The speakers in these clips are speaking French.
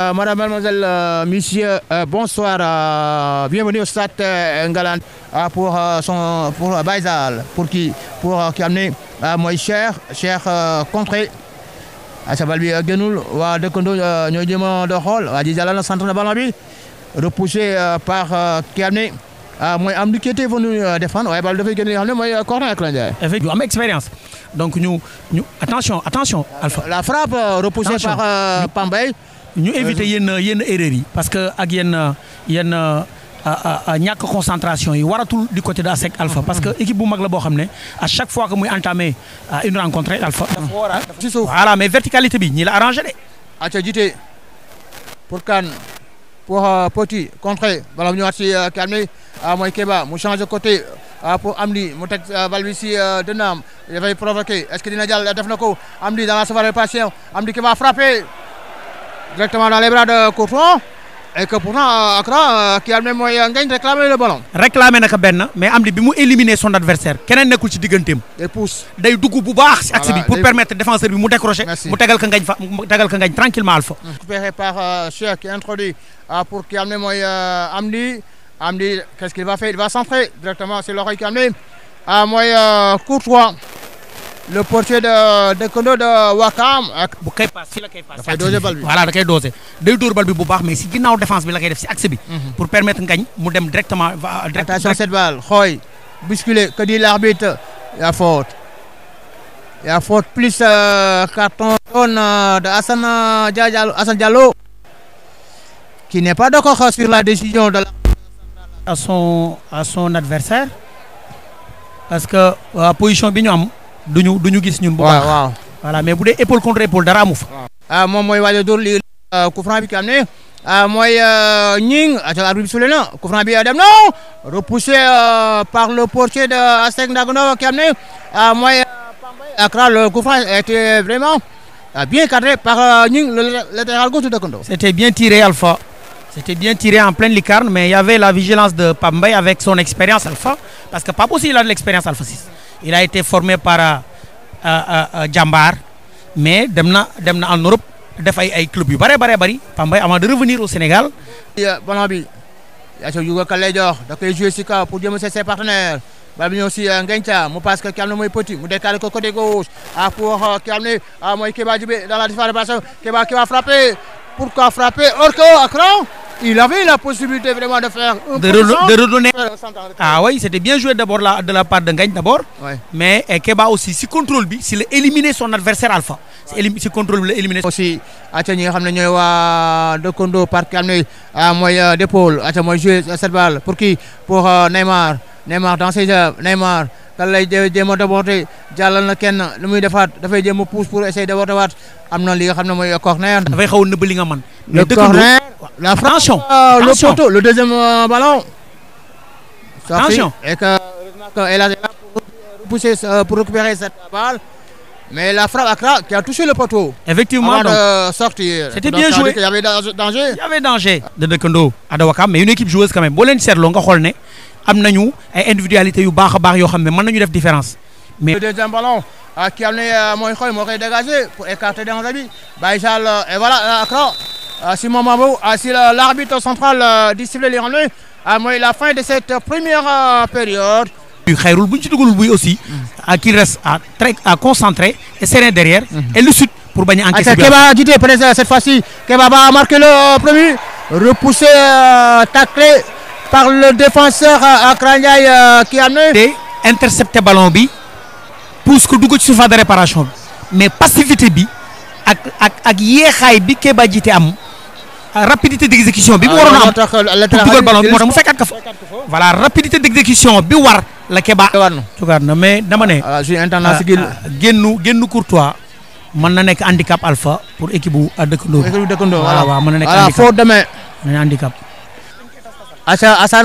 Euh, madame, mademoiselle, euh, monsieur, euh, bonsoir. bienvenue au stade Ngaland pour son pour Baïzal, pour qui pour qui amener moi cher, cher contré. Ah, ça va lui Genoul, wa de Kondo, nous demandons de rôle, à Dizala, le centre de Balambi, repoussé par qui amené. moi am qui vous venu défendre waaye bal dafay génne yoo moi ne corner avec la Avec expérience donc nous attention attention. Alpha la frappe repoussée par Pambay. Nous éviter euh, yenn yenn erreur yi parce que ak yenn yenn ñak concentration yi waratul du côté de e Alpha parce que équipe bu mag la bo xamné à chaque fois que muy entamer une rencontre Alpha. voilà mais verticalité bi ñi la arrangé de. aca pour kan pour euh, Poti contre bala ñu wat ci calmer euh, moy Keba mu changer côté. pour Amdi mu teg bal de si dënnaam dafay provoqué est-ce que dina jàll def na Amdi dans la soirée patient Amdi qui va frapper directement dans les bras de Courtois et que pourtant Accra euh, qui a le même moyen de réclamer le ballon. réclamer le mais Amdi il a éliminer son adversaire est le ci de day pousse Il pousse bu baax. axe bi pour permettre défenseur bi mu décrocher. mu tegal ko tranquillement Alpha. Hmm. récupéré par euh, Cher qui introduit euh, pour qui a moyen Amdi Amdi qu'est-ce qu'il va faire il va centrer directement c'est l'oreille qui a le même Courtois le portier de Kondo de Wakam bu koy paas tours, doser voilà da kay doser. day bu mais si on défense bi la kay def ci axe bi. Mhm. pour permettre Ngagne mu dem directement. Euh, direct attention cette balle xooy. bousculé que dit l'arbitre Il a faute y a faute plus euh, carton jaune euh, de Hassan Diallo qui n'est pas d'accord sur la décision de à son adversaire parce que la position bi ñu am duñu duñu gis ñun. bu baax waaw voilà mais bu dee épaule contre épaule dara amu fa. ah mom moy waaj dor li lii euh, franc bi ki amné ah moy ñing euh, ah, arbitre bi sule na coup franc bi euh, dem non repoussé par le portier de Asec Ndagunov ki amné ah moy Pambay ah, le coup franc était vraiment ah, bien cadré par ñing le latéral gauche de Kondo c'était bien tiré Alpha. C'était bien tiré en pleine licarne, mais il y avait la vigilance de Pambay avec son expérience alpha, parce que Pape aussi il a de l'expérience alpha 6 il a été formé par euh, euh, euh, Jambar mais demna demna en Europe def ay un club bari bari bari avant de revenir au Sénégal. ballon je suis lay da pour jëm ses partenaires Je suis aussi que petit Je le côté gauche pour dans la va frapper pourquoi frapper il avait la possibilité vraiment de faire un de, de, redonner. Ah oui, c'était bien joué d'abord de la part de Gagne d'abord. Ouais. Mais eh, Keba aussi, si contrôle bi, s'il éliminé son adversaire Alpha, si contrôle bi, éliminé. Aussi, atia nga y a deux de Kondo Parc am à ah, moyen euh, d'épaule, à moyen joué cette balle pour qui pour euh, Neymar Neymar dans ses œuvres. Neymar. Quand lay jéem a déborder jàllal na kenn lu muy defaat dafay jéem a pousse pour essayer de voir. Il na li nga corner. Il a nëbb li nga corner la frappe euh, le poteau, le deuxième euh, ballon. Ça attention. Fait, et que, elle a pour, pour récupérer cette balle. Mais la frappe a qui a touché le poteau. Effectivement. C'était bien joué. Il y avait danger. Il y avait danger. De Dekendo à Dawaka, mais une équipe joueuse quand même. Bolen leen seetloo nga individualité yu baax a mais yoo xam nañu différence. mais le deuxième ballon euh, qui a amené mooy xool m'aurait dégagé pour écarter dans la vie. et voilà craqué à ah, ce ah, l'arbitre central euh, disciple les nga à la fin de cette première euh, période. Khairoul bu aussi. Mm. Ah, qui reste à très concentré et serein derrière. Mm-hmm. et le sud pour bañ en encaisser. Keba a quitté euh, cette fois-ci Keba a marquer le premier repoussé taclé par le défenseur Kranjai qui a amené. intercepté ballon Pour ce que tu ci surface de réparation mais passivité bi ak ak ak yéexaay bi Keba am. Ah, rapidité d'exécution bi mu ah, waroon am pour ballon bi moo voilà rapidité d'exécution bi war la Keba tugaat na mais dama ne ah, génnu génnu Courtois man na nek handicap alpha pour équipe bu voilà voilà waaw na nek handicap foo demee mën na handicap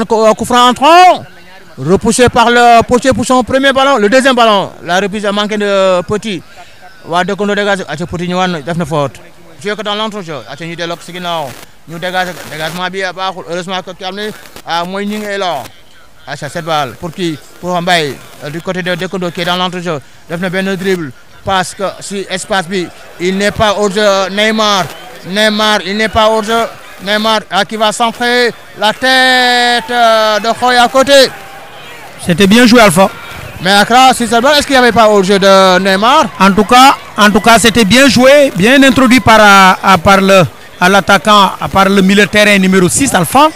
coup euh, franc entrant repoussé par le potier pour son premier ballon le deuxième ballon la reprise a manqué de Petit wa dekondo dégage Aca Petit ñëwaat wan def na faute je veux que dans l'entrejeu à tenir de ko nous ginnaaw ñu dégage dégagement ah, heureusement que ki a ne ah mooy ñi là ah, cette balle pour qui pour Mbaye euh, du côté de Dekondo qui est dans l'entrejeu def na le dribble parce que si espace bi il n'est pas au jeu Neymar Neymar il n'est pas au jeu Neymar ah, qui va centrer la tête euh, de Khoy à côté c'était bien joué Alpha mais Accra, est-ce qu'il n'y avait pas au jeu de Neymar En tout cas, en tout cas, c'était bien joué, bien introduit par, euh, à l'attaquant, par le milieu de terrain numéro 6, Alpha.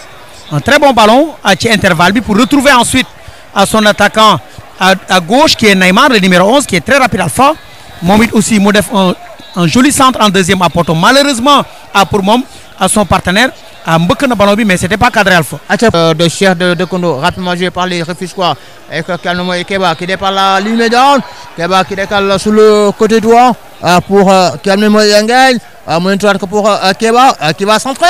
Un très bon ballon à Intervalbi pour retrouver ensuite à son attaquant à, gauche qui est Neymar, le numéro 11, qui est très rapide Alpha. Momit aussi, Modef, un, joli centre en deuxième apportant. Malheureusement, à pour Mom, à son partenaire, à ah, mbëkk na ballon bi mais c'était pas cadré Alpha. Euh, de chair de de Kondo rapidement joué par les quoi avec Kalnomo et Keba qui dépasse la ligne médiane Keba qui décale sur le côté droit euh, pour Kalnomo euh, Yangel monitorat pour Keba qui va centrer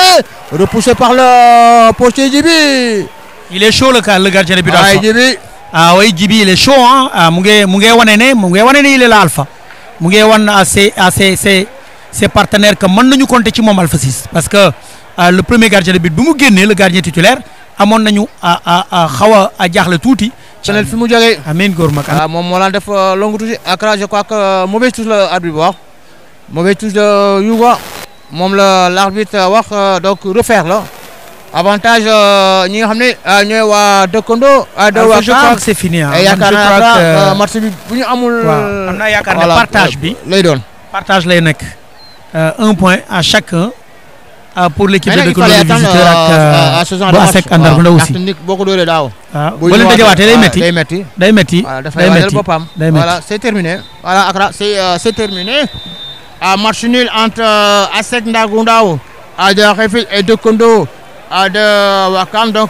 repoussé par le postier Djibi il est chaud le, le gardien de but ah, Djibi ah oui Djibi il est chaud hein ah, Mungé Mungé Wanene Mungé Wanene il est là Alpha Mungé Wan ah, c'est ses, ah, ses, partenaires que mën nañu compter ci moom Alpha 6 parce que le premier gardien de but bimu mu le gardien titulaire amon nañu a a a a jaaxle touti amiin fi mu jogé amiin góor mag. waaw ah, moom moo def euh, longue touti akra je crois que mauvaise touche le arbitre bi wax mauvaise touche de Youga mom la l'arbitre arbitre wax euh, donc refaire là avantage euh, ñi nga xam ne ñooy waa dëkkandoo. de ah, waa je crois que c'est fini ah. yaakaar match bi bu ñu amul. amna am de partage bi lay don partage lay nek un point à chacun. Ah, pour l'équipe de dëkk de visiteur avec aussi voilà c'est terminé voilà euh, c'est terminé à match nul entre euh, ASEC et de et et de